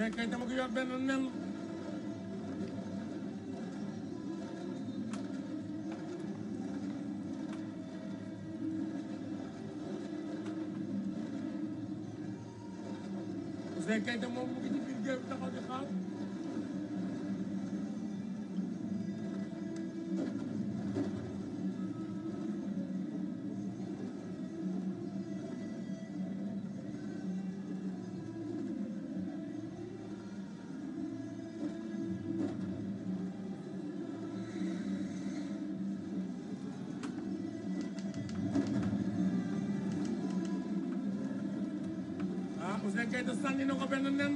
fekkee dama ko yor benn nen bu você dama mu ngi ci Ouzin Keita sànni na ko benn nen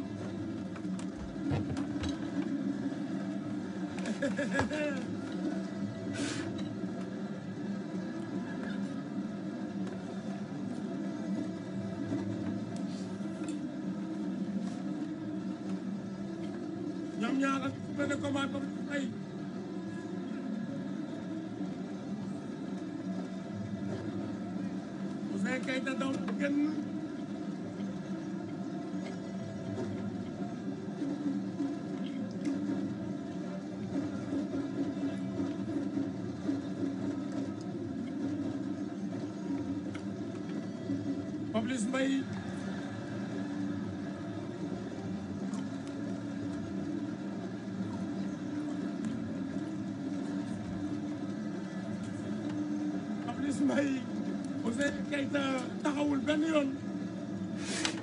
ñoom ñaar kom benn combat ba mij. Ouzin Keita daw dan génn الشباب الزميل الزميل وزي كي تغول بنيون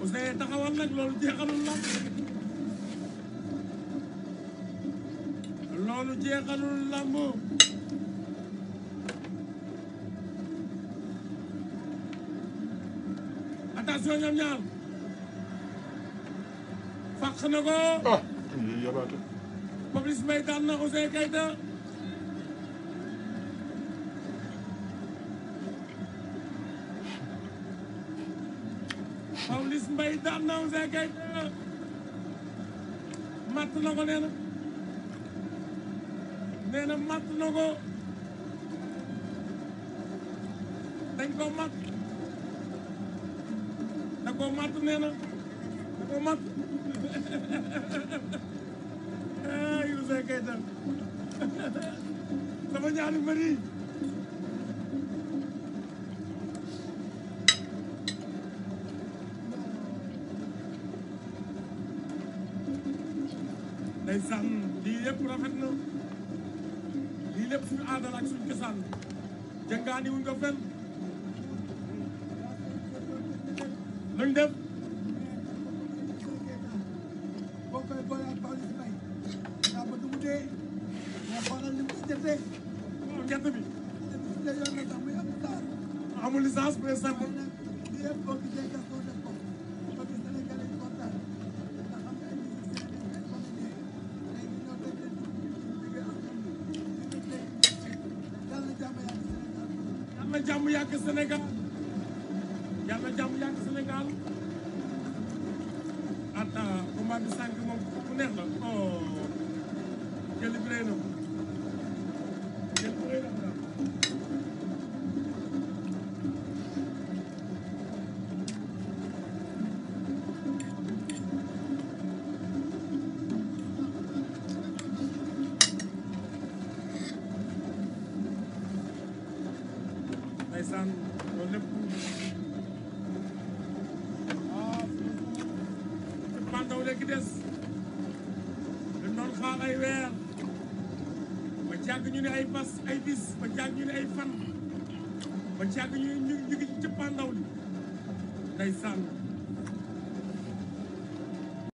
وزي تغول نجلو جيغل الله لولو جيغل الله attention ñoom ñaar fàq na ko. ah yéen na Ousseyn Keita. Papis Mbaye na Ousseyn Keita. matt na ko nee na. nee na matt na ko. dañ ko matt. ko mat nee na da ko mat ah, Youssouf Keita sama ñaari mbër yi rafet na lii lépp suñu aadal ak suñu cosaan jëngaani wuñ Bring them. boo koy boole ak Pawlish Mbaye daa ba yàlla jàmm yàgg Sénégal ata combat bi sànq moom ku neex la oh jëli bi rëy na jëli la ki ba jàgg ñu ne ay bas ay bis ba jàgg ñu ne ay fan ba jàgg ñu ne ñu ngi ci cëppaandaw li ndeysaan